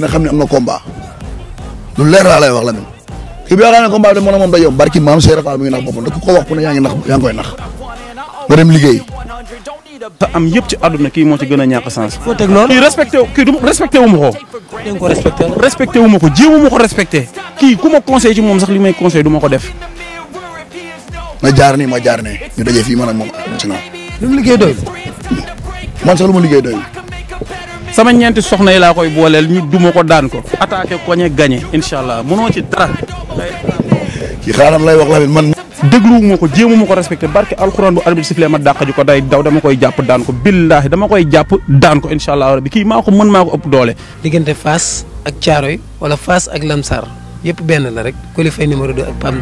nga xam ne am na combat lu leer laa lay wax la même kii bi yaakaar naa ne combat bi moom moom dajoo barki maam Cheikh Rafaal mu ngi nax boppam da ku ko wax ku ne yaa ngi nax yaa ngi nax nga dem liggéey. am yëpp ci àdduna kii moo ci gën a ñàkk sens. foo teg loolu kii respecté kii du respecté wu ma ko. dégg ko wu. respecté wu ko jéem wu ma ko respecté. kii ku ma conseil ci moom sax li may conseil du ma ko def. ma jaar ni ma jaar ne ñu dajee fii man ak moom. ci naaw. li mu liggéey doyul. man sax lu ma liggéey doyul. sama ñeenti soxna yi laa koy booleel ñu duma ko daan ko attaqué koñe gagné incha allah mënoo ci dara. ci xaaral lay wax la man. dégluwuma ko jéemuma ko respecté barke alxuraan bu arbitre sifflé ma dàq ji ko day daw dama koy jàpp daan ko billaahi dama koy jàpp daan ko incha allah rabbi kii maa ko mën maa ko ëpp doole. diggante Fass ak caaro yi wala Fass ak Lamsar yëpp benn la rek Coly Faye numéro 2 ak PAM.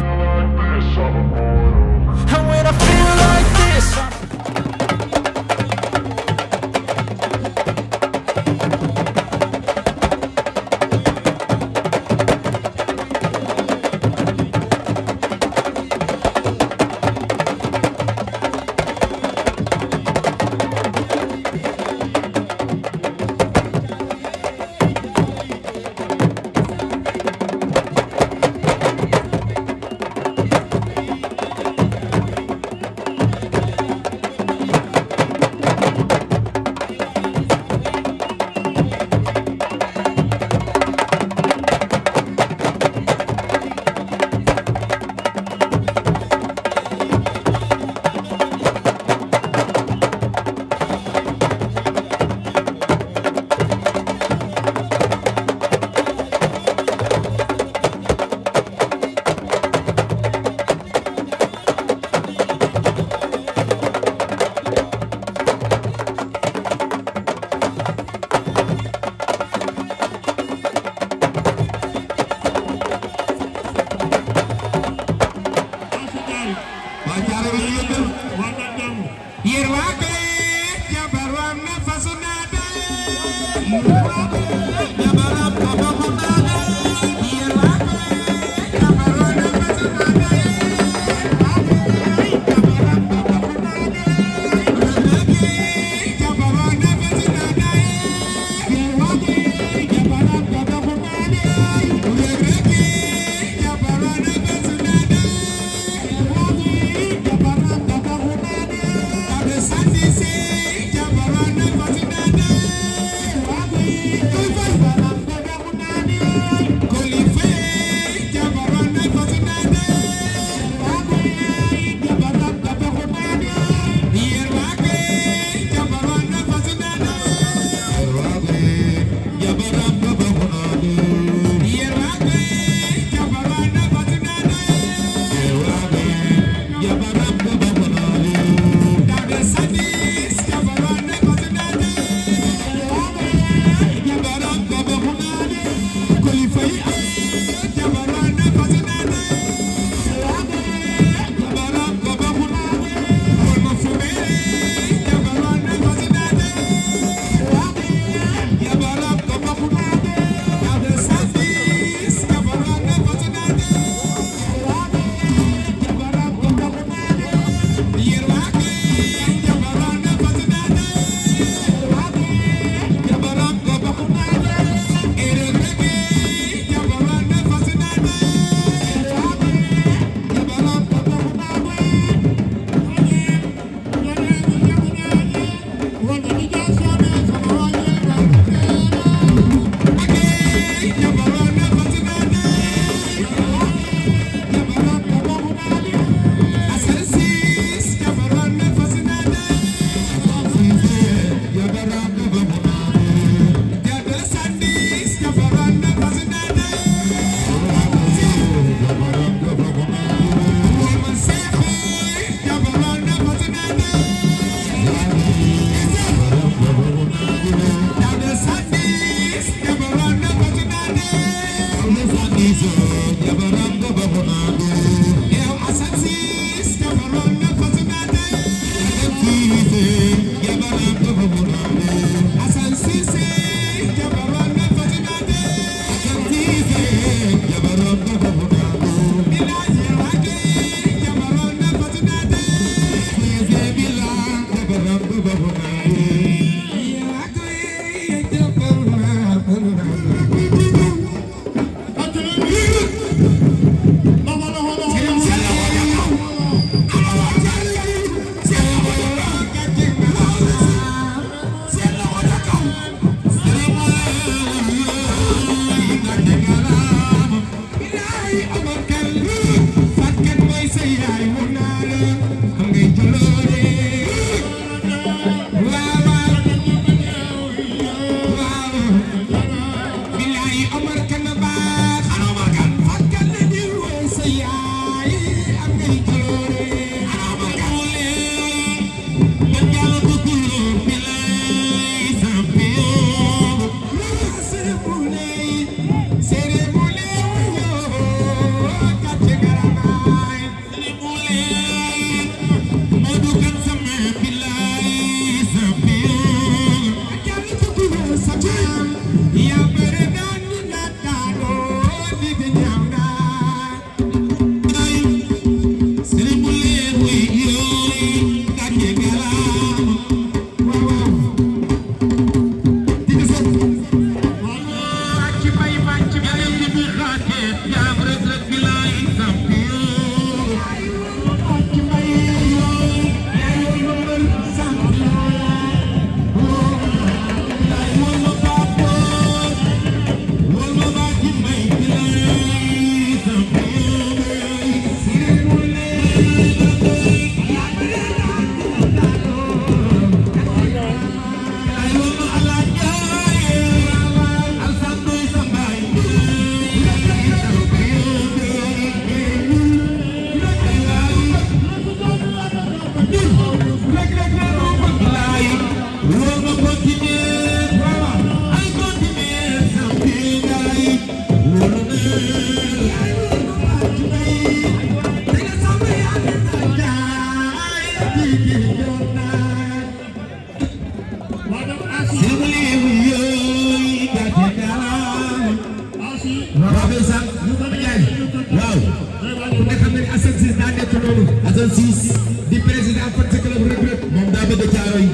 Ciss di président Fatick Club Reug Reug moom daa bëgg caaro yi.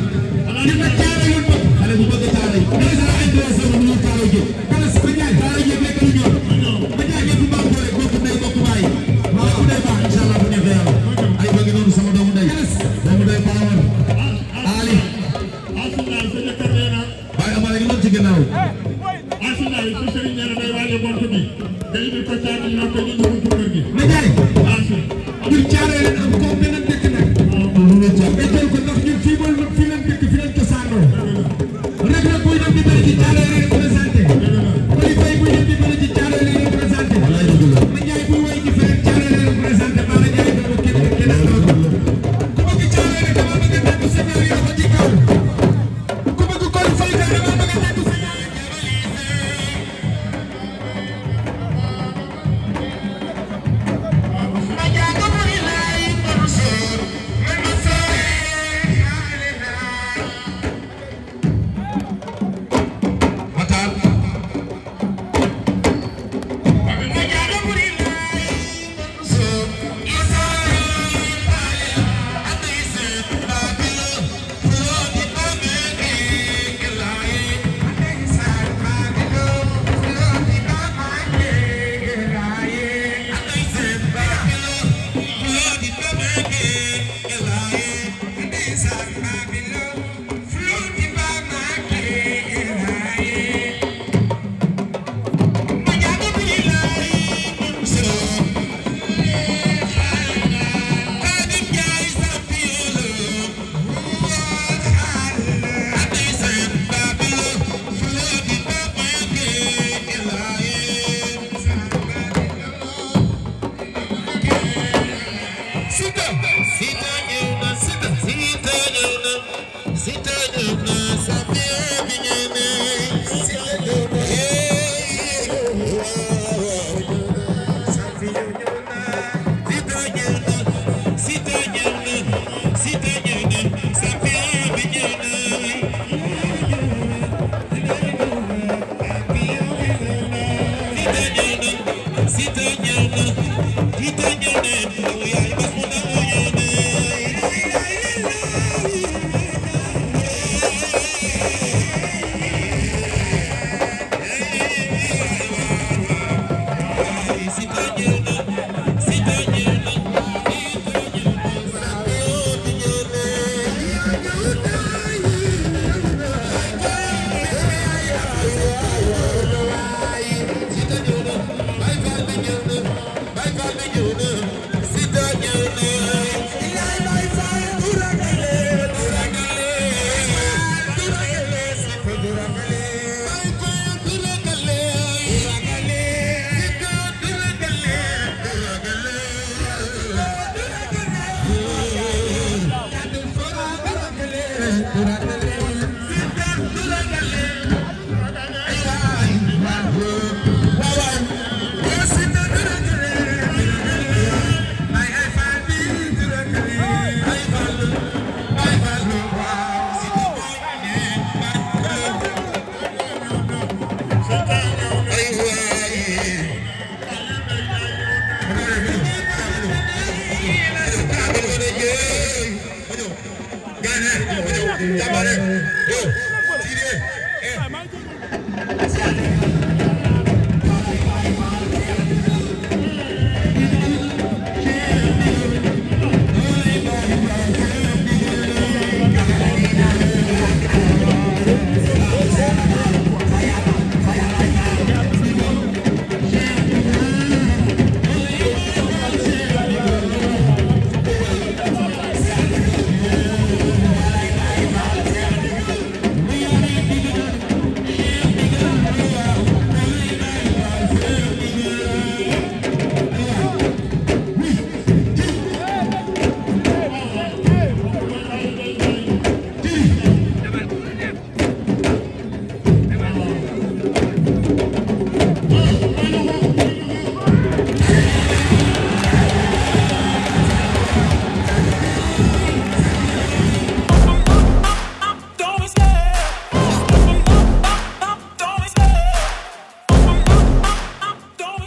xale bu bëgg caaro yi. président ay deux cent mille caaro yi. kon su ko ñaan caaro yi fekk lu ñor. ba jaajëf bu baax doole bokk ndey bokk baay. waaw bu dee baax incha allah bu neexee yàlla. ay bëgg noonu sama doomu ndey. doomu ndey Baawar. Ali. waaye Amara ñu doon ci ginnaaw. asalaamaaleykum Serigne Ndiané Ndeye Waly Mbow Tobi. dañu ko caaro ñu naan ko ñu ñëw ci kër gi. ñu caaree leen am koo beneen dëkk nag. Gracias. Jabare.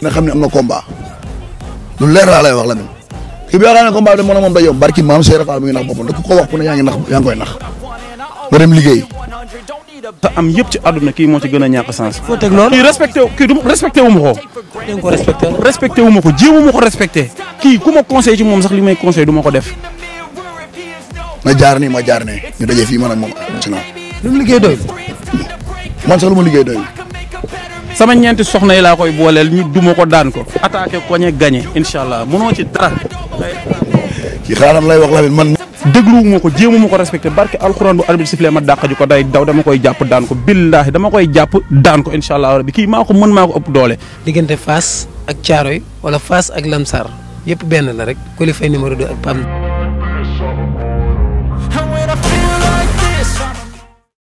nga xam ne am na combat lu leer laa lay wax la même kii bi yaakaar ne combat bi de moom ma yomb barki maam Cheikh Fall mi ngi nax boppam da ku ko wax ku yaa ngi nax yaa ngi nax nga dem liggéey. am yëpp ci kii moo ci gën a ñàkk sens. foo teg loolu kii respecté kii du respecté wu ma ko. dégg ko respecté wu. respecté wu ma ko jéem wu kii ku ma conseil ci moom sax li may conseil du ma ko def. ma jaar nii ma jaar ne ñu daje fi ma ak moom ci naan. lu mu liggéey doy. man sax lu ma liggéey doy sama ñeenti soxna yi laa koy booleel ñu ma ko daan ko attaqué koñe gagné incha allah mënoo ci dara. ci xaaral lay wax la man. dégluwuma ko jéemuma ko respecté barke alxuraan bu arbitre sifflé ma dàq ji ko day daw dama koy jàpp daan ko billaahi dama koy jàpp daan ko incha allah bi kii maa ko mën maa ko ëpp doole. diggante faas ak caaro yi wala faas ak Lamsar yëpp benn la rek Coly Faye numéro 2 ak PAM.